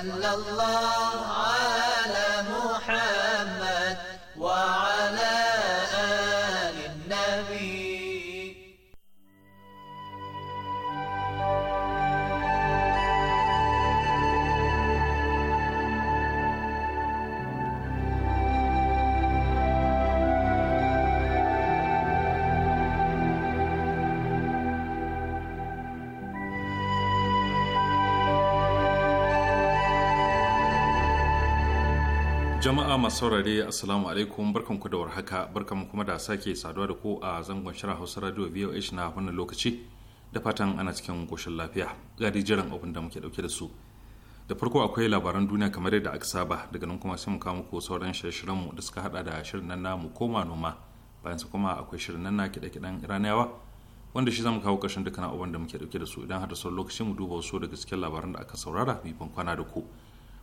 Allah. masu saurare assalamu alaikum barkan ku da warhaka barkan kuma da sake saduwa da ku a zangon shirin hausa radio voh na wannan lokaci da fatan ana cikin koshin lafiya ga jiran abin da muke dauke da su da farko akwai labaran duniya kamar yadda aka saba daga nan kuma sai mu kawo muku sauran shirye mu da suka hada da shirin nan namu koma noma bayan su kuma akwai shirin nan na kiɗe-kiɗen iraniyawa wanda shi zamu kawo ƙarshen dukkan abin da muke dauke da su idan har da sauran lokaci mu duba wasu daga cikin labaran da aka saurara mai bankwana da ku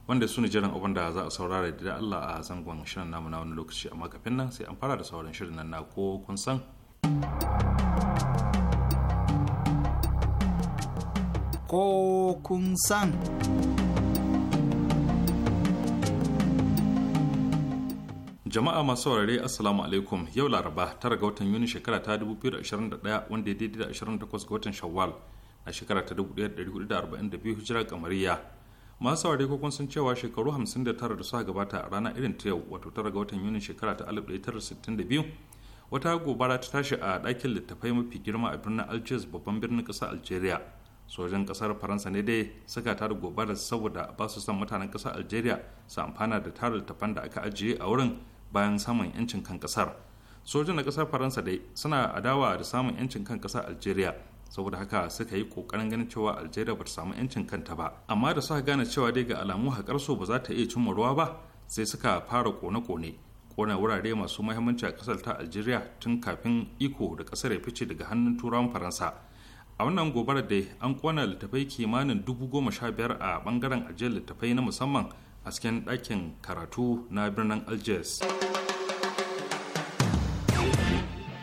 wanda su ne jiran abin da za a saurara da Allah a zangon shirin namu na wani lokaci amma kafin nan sai an fara da sauran shirin nan na ko kun san. Ko kun san. Jama'a masu saurare Assalamu alaikum yau Laraba tara ga watan Yuni shekara ta 2021 wanda ya daidai da 28 ga watan Shawwal a shekara ta 1442 Hijira kamariya. masu saurare ko kun san cewa shekaru 59 da suka gabata a ranar irin ta yau wato tara ga watan yuni shekara ta 1962 wata gobara ta tashi a dakin littafai mafi girma a birnin algiers babban birnin kasa algeria sojan kasar faransa ne dai suka tara gobara saboda ba su son mutanen ƙasar algeria su amfana da tara littafan da aka ajiye a wurin bayan samun yancin kan kasar sojan na kasar faransa dai suna adawa da samun yancin kan ƙasar algeria saboda haka suka yi kokarin ganin cewa algeria ba ta samu yancin kanta ba amma da suka gane cewa dai ga alamu haƙar su ba za ta iya cimma ruwa ba sai suka fara kone-kone kona wurare masu mahimmanci a ƙasar ta algeria tun kafin iko da ƙasar ya fice daga hannun turawan faransa a wannan gobarar dai an kona littafai kimanin dubu goma sha biyar a bangaren ajiyar littafai na musamman a cikin ɗakin karatu na birnin algiers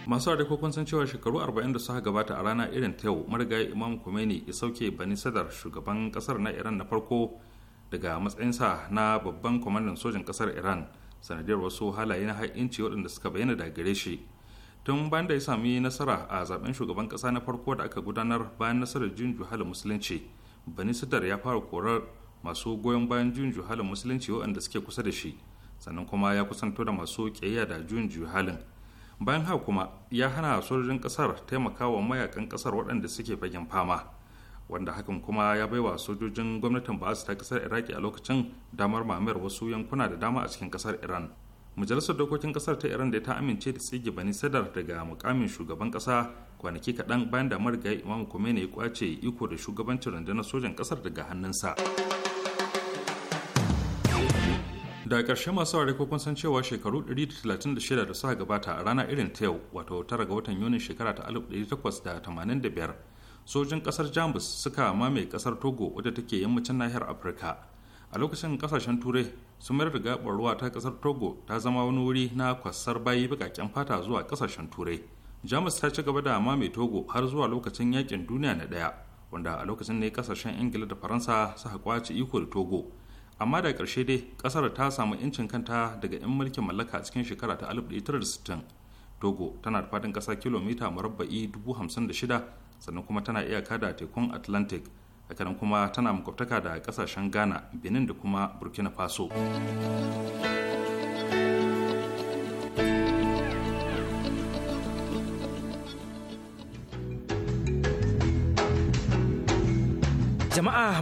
masu da kun san cewa shekaru 40 da suka gabata a rana irin ta yau marigayi imam khomeini ya sauke bani sadar shugaban kasar na iran na farko daga matsayinsa na babban kwamandan sojin kasar iran sanadiyar wasu halaye na ha'inci waɗanda suka bayyana da gare shi tun bayan da ya sami nasara a zaben shugaban kasa na farko da aka gudanar bayan nasarar jin juhalin musulunci bani sadar ya fara korar masu goyon bayan jin juhalin musulunci waɗanda suke kusa da shi sannan kuma ya kusanto da masu ƙiyayya da jin halin. bayan haka kuma ya hana sojojin kasar taimakawa mayakan kasar waɗanda suke fagen fama wanda hakan kuma ya baiwa sojojin gwamnatin ba'as ta kasar iraki a lokacin damar mamayar wasu yankuna da dama a cikin kasar iran majalisar dokokin kasar ta iran da ta amince da tsige bani sadar daga mukamin shugaban kasa kwanaki kaɗan bayan da marigayi imam khomeini ya kwace iko da shugabancin rundunar sojan kasar daga hannunsa. da ƙarshe masu ware kun san cewa shekaru 136 da suka gabata a rana irin ta yau wato tara ga watan yunin shekara ta 1885 sojin ƙasar jamus suka mamaye ƙasar togo wadda take yammacin nahiyar afirka a lokacin ƙasashen turai sun mayar da gabar ruwa ta ƙasar togo ta zama wani wuri na kwasar bayi baƙaƙen fata zuwa ƙasashen turai jamus ta ci gaba da mamaye togo har zuwa lokacin yakin duniya na ɗaya wanda a lokacin ne ƙasashen ingila da faransa suka kwace iko da togo amma da ƙarshe dai ƙasar ta samu 'yancin kanta daga 'yan mulkin mallaka cikin shekara ta 1960 togo tana da faɗin ƙasa kilomita murabba'i 56 sannan kuma tana iyaka da tekun atlantic hakanan kuma tana makwabtaka da ƙasashen ghana benin da kuma burkina faso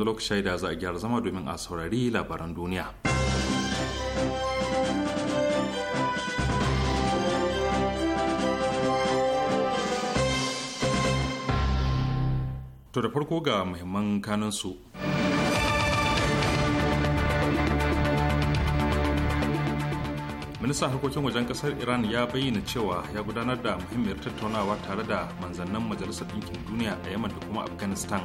yanzu lokaci da za a gyara zama domin a saurari labaran duniya. To da farko ga muhimman kanansu. Ministan harkokin wajen kasar Iran ya bayyana cewa ya gudanar da muhimmiyar tattaunawa tare da manzannin Majalisar Ɗinkin Duniya a Yaman da kuma Afghanistan.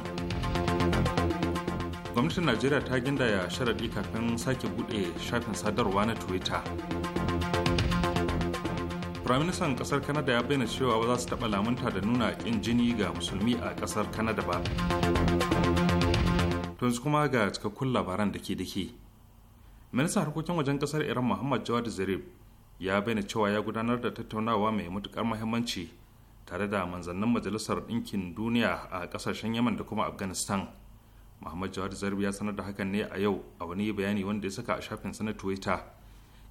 gwamnatin najeriya ta gindaya sharaɗi kafin sake buɗe shafin sadarwa na twitter firaministan ƙasar kanada ya bayyana cewa ba za su taɓa lamunta da nuna ƙin jini ga musulmi a ƙasar kanada ba yanzu kuma ga cikakkun labaran da ke dake ministan harkokin wajen ƙasar iran muhammad jawad zarif ya bayyana cewa ya gudanar da tattaunawa mai matukar muhimmanci tare da manzannin majalisar ɗinkin duniya a ƙasashen yaman da kuma afghanistan muhammad jawar zarbi ya sanar da hakan ne a yau a wani bayani wanda ya saka a shafin sa na twitter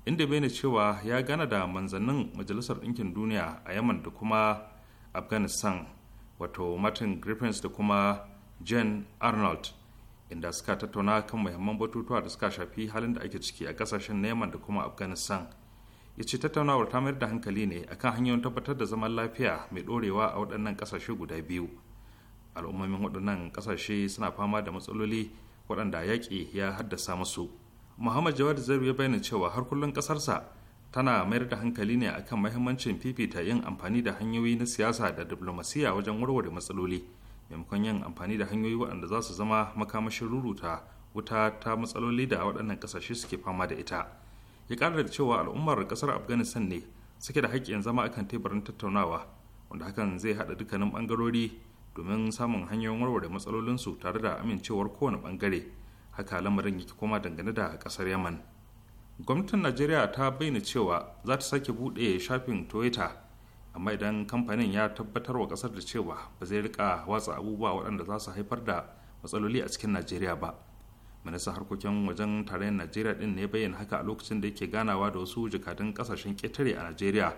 inda bayyana cewa ya gana da manzannin majalisar ɗinkin duniya a yaman da kuma afghanistan wato martin griffins da kuma jane arnold inda suka tattauna kan muhimman batutuwa da suka shafi halin da ake ciki a kasashen neman da kuma afghanistan ya ce tattaunawar ta mayar da hankali ne akan hanyoyin tabbatar da zaman lafiya mai ɗorewa a waɗannan kasashe guda biyu al'ummomin waɗannan ƙasashe suna fama da matsaloli waɗanda yaƙi ya haddasa musu muhammad jawad zaru ya bayyana cewa har kullum ƙasarsa tana mayar da hankali ne akan mahimmancin fifita yin amfani da hanyoyi na siyasa da diplomasiya wajen warware matsaloli maimakon yin amfani da hanyoyi waɗanda za su zama makamashin ruruta wuta ta matsaloli da waɗannan ƙasashe suke fama da ita ya ƙara da cewa al'ummar ƙasar afghanistan ne suke da haƙƙin zama akan teburin tattaunawa wanda hakan zai haɗa dukkanin ɓangarori domin samun hanyoyin warware matsalolinsu tare da amincewar kowane bangare haka lamarin yake koma dangane da kasar yaman gwamnatin najeriya ta bayyana cewa za ta sake buɗe shafin toyota amma idan kamfanin ya tabbatar wa kasar da cewa ba zai rika watsa abubuwa waɗanda za su haifar da matsaloli a cikin najeriya ba ministan harkokin wajen tarayyar najeriya din ne bayyana haka a lokacin da yake ganawa da wasu jakadun kasashen ƙetare a najeriya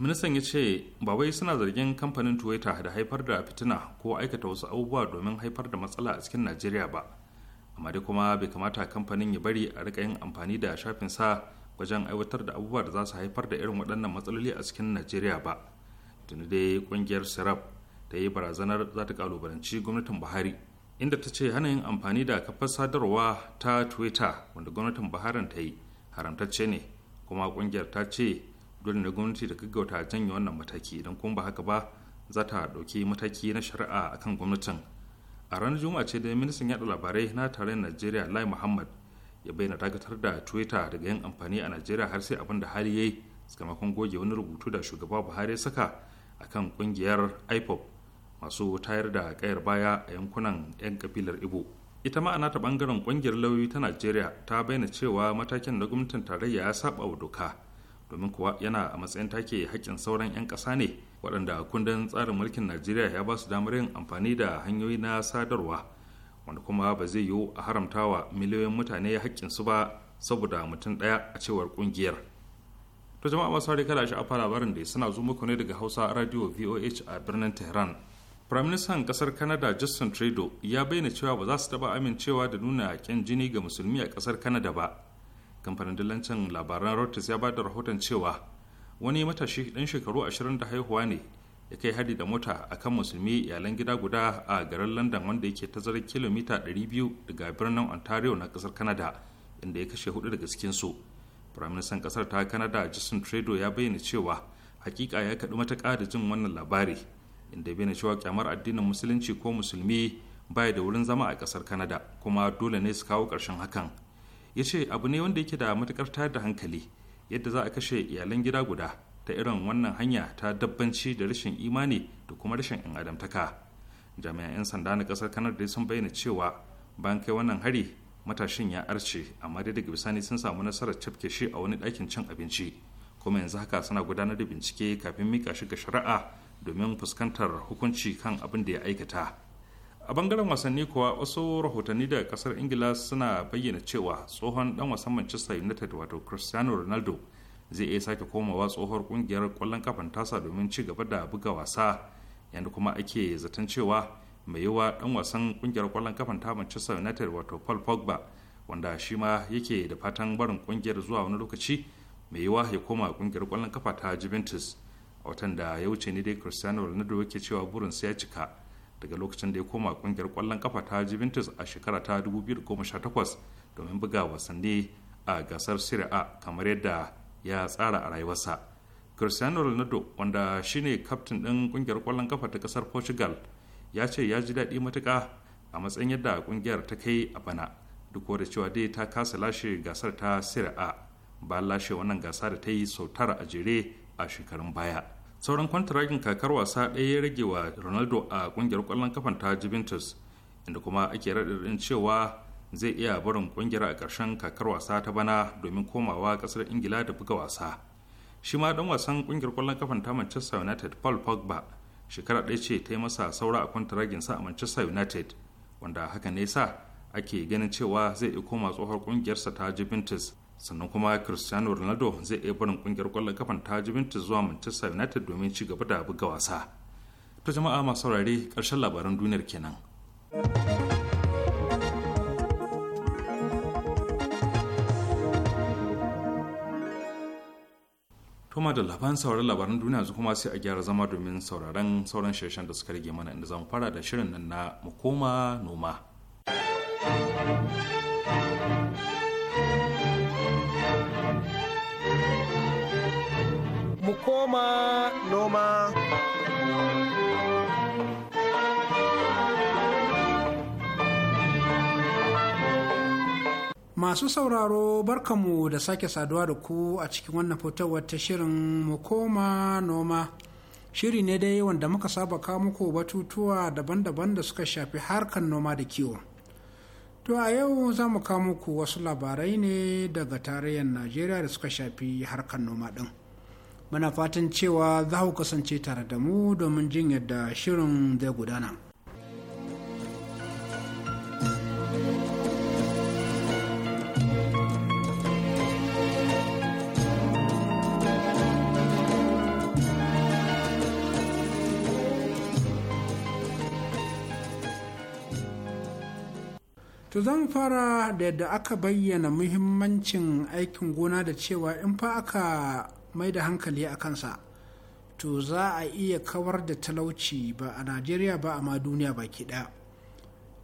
ministan ya ce ba wai suna zargin kamfanin twitter da haifar da fitina ko aikata wasu abubuwa domin haifar da matsala a cikin najeriya ba amma dai kuma bai kamata kamfanin ya bari a rika yin amfani da shafin sa wajen aiwatar da abubuwa da za su haifar da irin waɗannan matsaloli a cikin najeriya ba tuni dai kungiyar sirap ta yi barazanar za ta kalubalanci gwamnatin buhari inda ta ce hana yin amfani da kafar sadarwa ta twitter wanda gwamnatin buharin ta yi haramtacce ne kuma kungiyar ta ce dole ne gwamnati da gaggauta janye wannan mataki idan kuma ba haka ba za ta ɗauki mataki na shari'a a kan gwamnatin a ranar juma'a ce da ministan yaɗa labarai na tarayyar najeriya lai muhammad ya bayyana dakatar da twitter daga yin amfani a najeriya har sai abin da hali ya yi sakamakon goge wani rubutu da shugaba buhari saka a kan ƙungiyar ipop masu tayar da kayar baya a yankunan 'yan kabilar ibo ita ma'ana ta bangaren ƙungiyar lauyoyi ta najeriya ta bayyana cewa matakin na gwamnatin tarayya ya saba wa doka domin kuwa yana a matsayin take haƙƙin sauran 'yan ƙasa ne waɗanda kundin tsarin mulkin najeriya ya ba su damar yin amfani da hanyoyi na sadarwa wanda kuma ba zai yiwu a haramtawa miliyoyin mutane su ba saboda mutum ɗaya a cewar ƙungiyar to jama'a masu hari kada sha'afa labarin da suna zo muku ne daga hausa radio voh a birnin tehran firaministan kasar canada justin trudeau ya bayyana cewa ba za su taɓa amincewa da nuna ƙyan jini ga musulmi a ƙasar canada ba kamfanin dillancin labaran reuters ya ba da rahoton cewa wani matashi dan shekaru 20 da haihuwa ne ya kai hadi da mota a kan musulmi iyalan gida guda a garin london wanda yake tazarar kilomita 200 daga birnin ontario na kasar canada inda ya kashe hudu daga su firaministan kasar ta canada justin trudeau ya bayyana cewa hakika ya kaɗi matuƙa da jin wannan labari inda bayyana cewa kyamar addinin musulunci ko musulmi baya da wurin zama a kasar canada kuma dole ne su kawo ƙarshen hakan ya ce abu ne wanda yake da matukar tayar da hankali yadda za a kashe iyalan gida guda ta irin wannan hanya ta dabbanci da rashin imani da kuma rashin in adamtaka jami'an 'yan sanda na kasar kanar da sun bayyana cewa bayan kai wannan hari matashin ya arce amma dai daga bisani sun samu nasarar cafke shi a wani ɗakin cin abinci kuma yanzu haka suna gudanar da bincike kafin mika shi ga shari'a domin fuskantar hukunci kan abin da ya aikata a bangaren wasanni kuwa wasu rahotanni daga kasar ingila suna bayyana cewa tsohon dan wasan manchester united wato cristiano ronaldo zai iya sake komawa tsohuwar kungiyar kwallon kafan tasa domin ci gaba da buga wasa yadda kuma ake zaton cewa mai yiwa dan wasan kungiyar kwallon kafan ta manchester united wato paul pogba wanda shi ma yake da fatan barin kungiyar zuwa wani lokaci mai yiwa ya koma kungiyar kwallon kafa ta juventus a watan da ya wuce ne dai cristiano ronaldo yake cewa burinsa ya cika daga lokacin da ya koma kungiyar kwallon kafa ta Juventus a shekara ta 2018 domin buga wasanni a gasar Serie A kamar yadda ya tsara a rayuwarsa. Cristiano Ronaldo wanda shine kaftin ɗin kungiyar kwallon kafa ta kasar Portugal ya ce ya ji daɗi matuƙa a matsayin yadda kungiyar ta kai a bana duk da cewa dai ta kasa lashe gasar ta Serie A bayan lashe wannan gasa da ta yi sau a jere a shekarun baya. sauran kwantaragin kakar wasa ɗaya ya rage wa ronaldo a ƙungiyar kwallon kafan ta juventus inda kuma ake raɗaɗin cewa zai iya barin ƙungiyar a ƙarshen kakar wasa ta bana domin komawa ƙasar ingila da buga wasa shi ma ɗan wasan kungiyar kwallon kafan ta manchester united paul pogba shekara ɗaya ce ta yi masa saura a kwantaragin sa a manchester united wanda haka ne sa ake ganin cewa zai iya koma tsohon kungiyarsa ta juventus sannan kuma cristiano ronaldo zai iya barin kungiyar kwallon kafan ta juventus zuwa manchester united domin ci gaba da buga wasa to jama'a masu saurare karshen labaran duniyar kenan kuma da labaran sauran labaran duniya su kuma sai a gyara zama domin sauraron sauran shirshen da suka rage mana inda zamu fara da shirin nan na mu koma noma. koma noma. Masu sauraro barkamu da sake saduwa da ku a cikin wannan fitowar ta shirin mu koma noma. Shiri ne dai wanda muka saba kawo muku batutuwa daban-daban da suka shafi harkar noma da kiwo. To a yau za mu kawo muku wasu labarai ne daga tarayyar Najeriya da suka shafi harkar noma ɗin. muna fatan cewa za ku kasance tare da mu domin jin yadda shirin zai gudana. To zan fara da yadda aka bayyana muhimmancin aikin gona da cewa in fa aka mai da hankali a kansa to za a iya kawar da talauci ba a najeriya ba a ma duniya baki ɗaya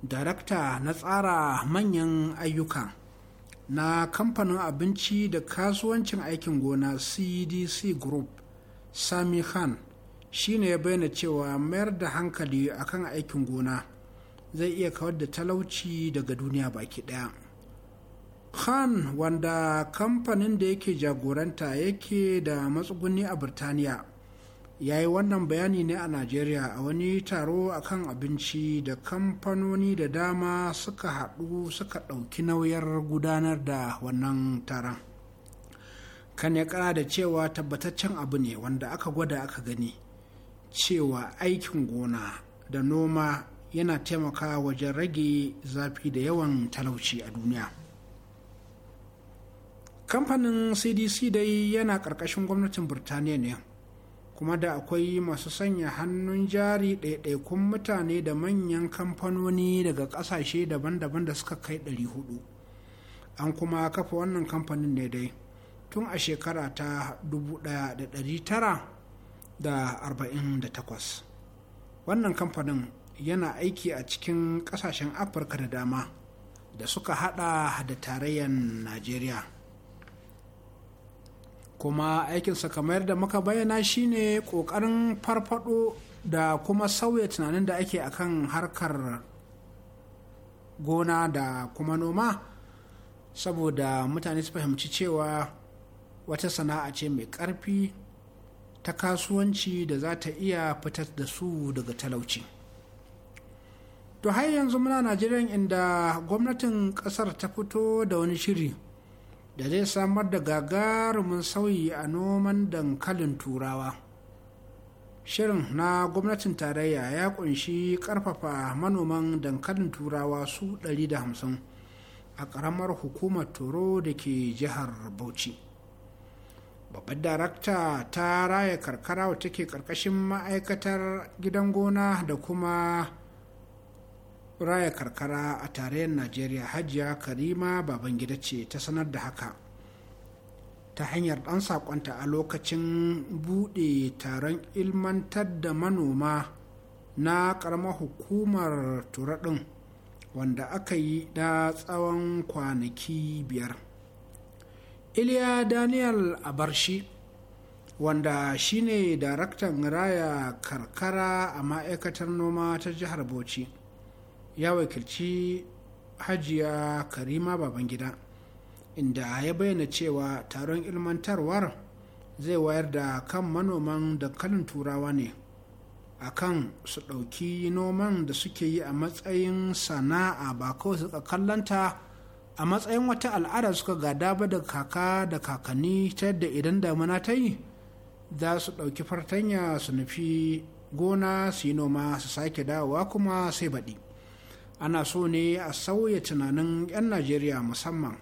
darakta na tsara manyan ayyuka na kamfanin abinci da kasuwancin aikin gona cdc group sami khan shine ya bayyana cewa mayar da hankali akan aikin gona zai iya kawar da talauci daga duniya baki ɗaya khan wanda kamfanin da yake jagoranta yake da matsuguni a birtaniya ya yi wannan bayani ne a najeriya a wani taro a kan abinci da kamfanoni da dama suka haɗu suka ɗauki nauyar gudanar da wannan taron kan ya kara da cewa tabbataccen abu ne wanda aka gwada aka gani cewa aikin gona da noma yana taimaka wajen rage zafi da yawan talauci a duniya. kamfanin cdc dai yana ƙarƙashin gwamnatin birtaniya ne kuma da akwai masu sanya hannun jari ɗaiɗaikun mutane da manyan kamfanoni daga ƙasashe daban-daban da suka kai 400 an kuma kafa wannan kamfanin ne dai tun a shekara ta 1948 wannan kamfanin yana aiki a cikin ƙasashen afirka da dama da suka hada da tarayyar najeriya kuma aikinsa kamar da muka bayyana shine ƙoƙarin farfado da kuma sauya tunanin da ake akan harkar gona da kuma noma saboda mutane su fahimci cewa wata sana'a ce mai ƙarfi ta kasuwanci da za ta iya fitar da su daga talauci to har yanzu muna najeriya inda gwamnatin ƙasar ta fito da wani shiri da zai samar da gagarumin sauyi a noman dankalin turawa shirin na gwamnatin tarayya ya kunshi karfafa manoman dankalin turawa su 150 a karamar hukumar toro da ke jihar bauchi babbar darakta ta raya karkara wata ke karkashin ma'aikatar gidan gona da kuma raya karkara a tarayyar najeriya hajiya karima babangida ce ta sanar da haka ta hanyar ɗan saƙonta a lokacin buɗe taron ilmantar da manoma na ƙaramar hukumar Turaɗin, wanda aka yi da tsawon kwanaki biyar iliya daniel abarshi wanda shine daraktan raya karkara a ma'aikatar noma ta jihar bauchi ya wakilci hajiya karima babangida inda ya bayyana cewa taron ilmantarwar zai wayar da kan manoman dankalin turawa ne a kan su ɗauki noman da suke yi a matsayin sana'a ba kawai suka kallanta a matsayin wata al'ada suka gada ba da kaka da kakanni ta yadda idan damuna ta yi za su ɗauki fartanya su nufi gona su yi noma su sake dawowa kuma sai baɗi ana so ne a sauya tunanin 'yan najeriya musamman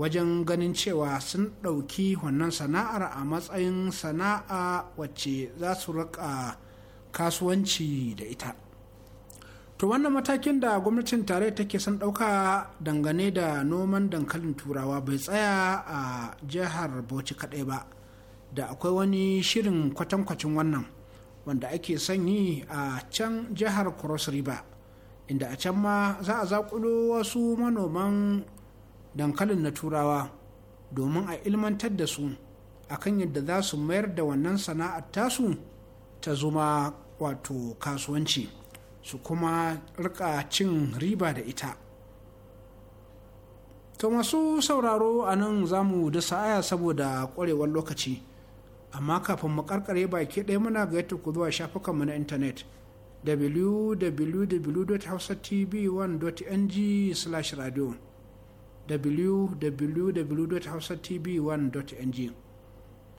wajen ganin cewa sun ɗauki wannan sana'ar a matsayin sana'a wacce za su riƙa kasuwanci da ita to wannan matakin da gwamnatin tare take son ɗauka dangane da noman dankalin turawa bai tsaya a jihar bauchi kaɗai ba da akwai wani shirin kwatankwacin wannan wanda ake son yi a can jihar cross river inda a can ma za a zaƙulo wasu manoman dankalin na turawa domin a ilmantar da su akan yadda za su mayar da wannan sana'ar tasu ta zuma wato kasuwanci su kuma rika cin riba da ita to masu sauraro a nan za mu da sa'aya saboda ƙwarewar lokaci amma kafin mu karkare baki ɗaya muna ga yadda ku zuwa shafukanmu na intanet www.hausatv1.ng/radio www.hausatv1.ng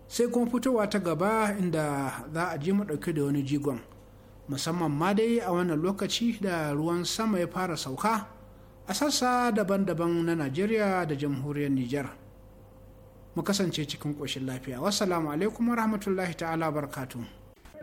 sai kuma fitowa ta gaba inda za a ji mu da wani jigon musamman ma dai a wannan lokaci da ruwan sama ya fara sauka a sassa daban-daban na najeriya da jamhuriyar nijar mu kasance cikin ƙoshin lafiya wassalamu alaikum wa rahmatullahi ta'ala barkatu.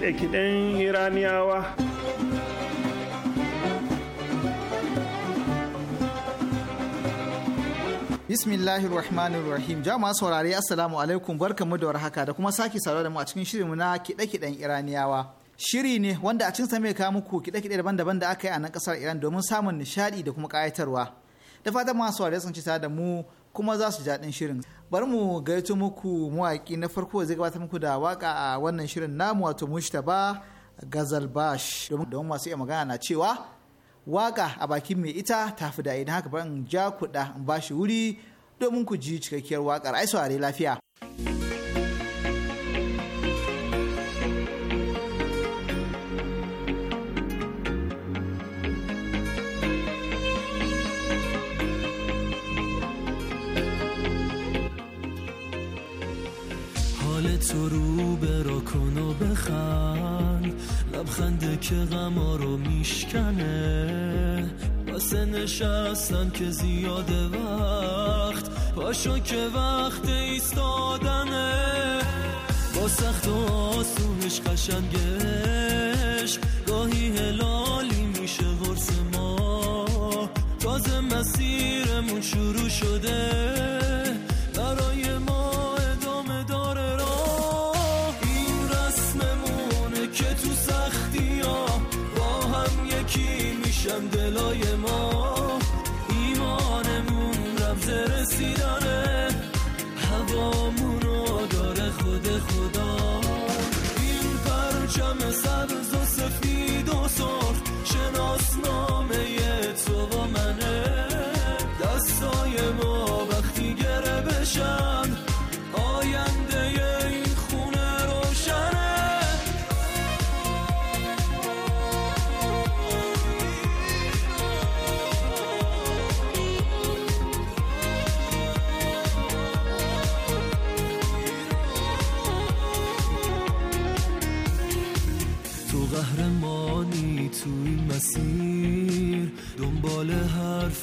kiɗe-kiɗen iraniyawa bismillahir rahmanir rahim jama saurare assalamu alaikum barkamu da warhaka da kuma sake saurare da mu a cikin shirinmu na kiɗe-kiɗen iraniyawa shiri ne wanda a cinsa mai kawo muku kiɗe-kiɗe daban-daban da aka yi a nan ƙasar iran domin samun nishaɗi da kuma ƙayatarwa da fatan masu saurare sun ci da mu kuma za su daɗin shirin bari mu gaito muku mawaƙi na farko zai gabata muku da waka a wannan shirin namu wato mushtaba gazalbash domin masu iya magana na cewa waƙa a bakin mai ita ta fi da idan haka ban ja kuɗa in ba shi wuri domin ku ji cikakkiyar wakar ai saurare lafiya که غما رو میشکنه واسه نشستن که زیاد وقت پاشو که وقت ایستادنه با سخت و آسونش قشنگش گاهی هلالی میشه ورس ما تازه مسیرمون شروع شده برای دلای ما ایمانمون رمز رسیدنه هوامونو داره خود خدا این پرچم سبز و سفید و سرخ شناسنا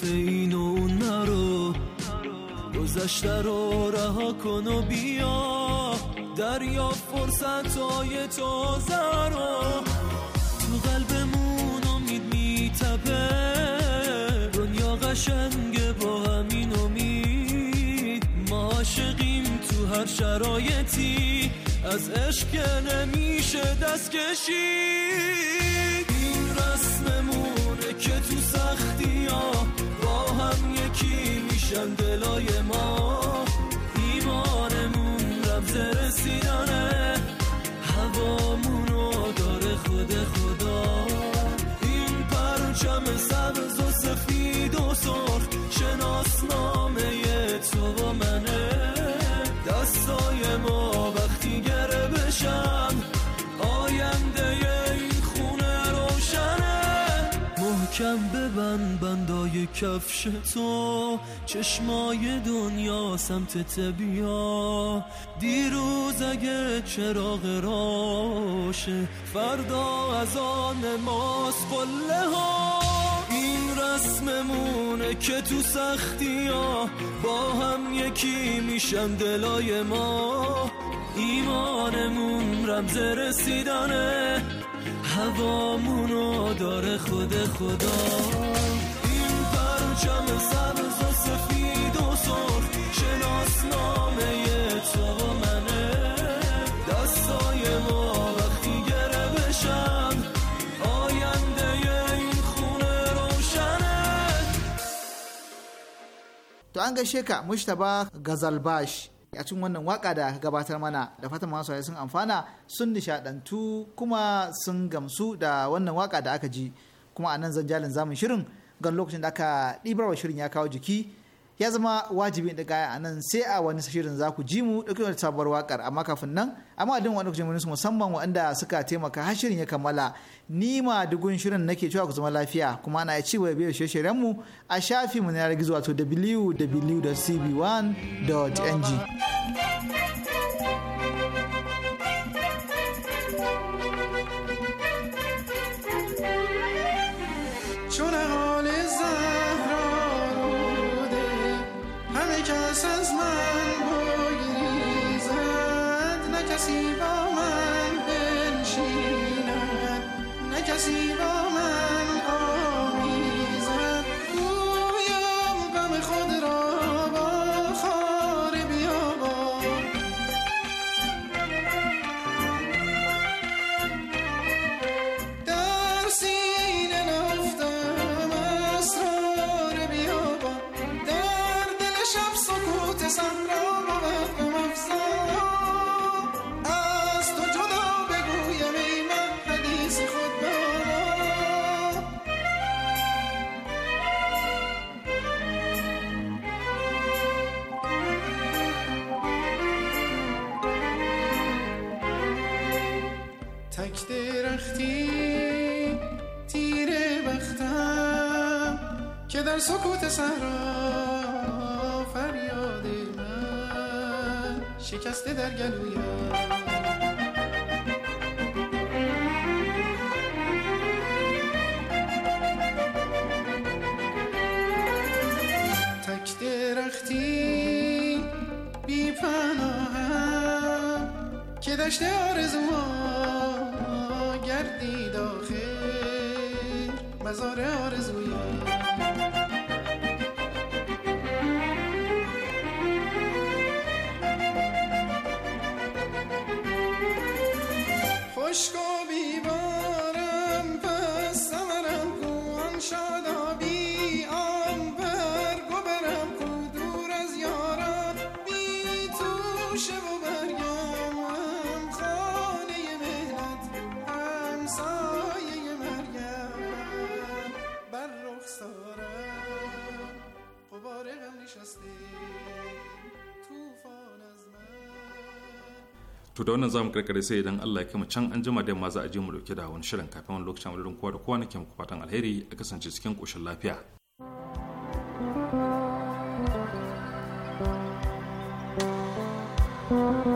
حرف این اون نرو گذشته رو رها کن و بیا دریا فرصت های تازه رو تو قلبمون امید میتپه دنیا قشنگه با همین امید ما عاشقیم تو هر شرایطی از عشق نمیشه دست کشید این رسممونه که تو سختی ها هم یکی میشن دلای ما ایمانمون رمز رسیدنه هوامونو داره خود خدا این پرچم سبز و سفید و سرخ شناسنامه تو و منه دستای ما کفش تو چشمای دنیا سمت تبیا دیروز اگه چراغ راشه فردا از آن ماست قله ها این رسممونه که تو سختی ها با هم یکی میشن دلای ما ایمانمون رمز رسیدنه هوامونو داره خود خدا چم سبز و سفید و سر شناس نامه تو و منه دستای ما وقتی گره بشن آینده این خونه روشنه تو an gaishe ka mushtaba gazalbash a cikin wannan waka da gabatar mana da fatan masu sun amfana sun nishadantu kuma sun gamsu da wannan waka da aka ji kuma a nan zanjalin zamun shirin gan lokacin da aka ɗibarwa shirin ya kawo jiki ya zama wajibi daga gaya a nan sai a wani shirin za ku ji mu ɗauki wani sabuwar wakar amma kafin nan amma din wani lokacin wani musamman waɗanda suka taimaka har shirin ya kammala ni ma dugun shirin ke cewa ku zama lafiya kuma ana ci wa biyar shirye mu a shafi mu na yanar gizo wato www.cb1.ng. در سکوت سهرا فریاد من شکسته در گلویم تک درختی بی پناه که دشت ما گردید آخر مزار آرزوی to da wannan zamu karkare sai idan Allah ya kama can an jima da yamma za a je mu dauke da wani shirin kafin wani lokacin mu kowa da kowa nake muku fatan alheri a kasance cikin koshin lafiya thank you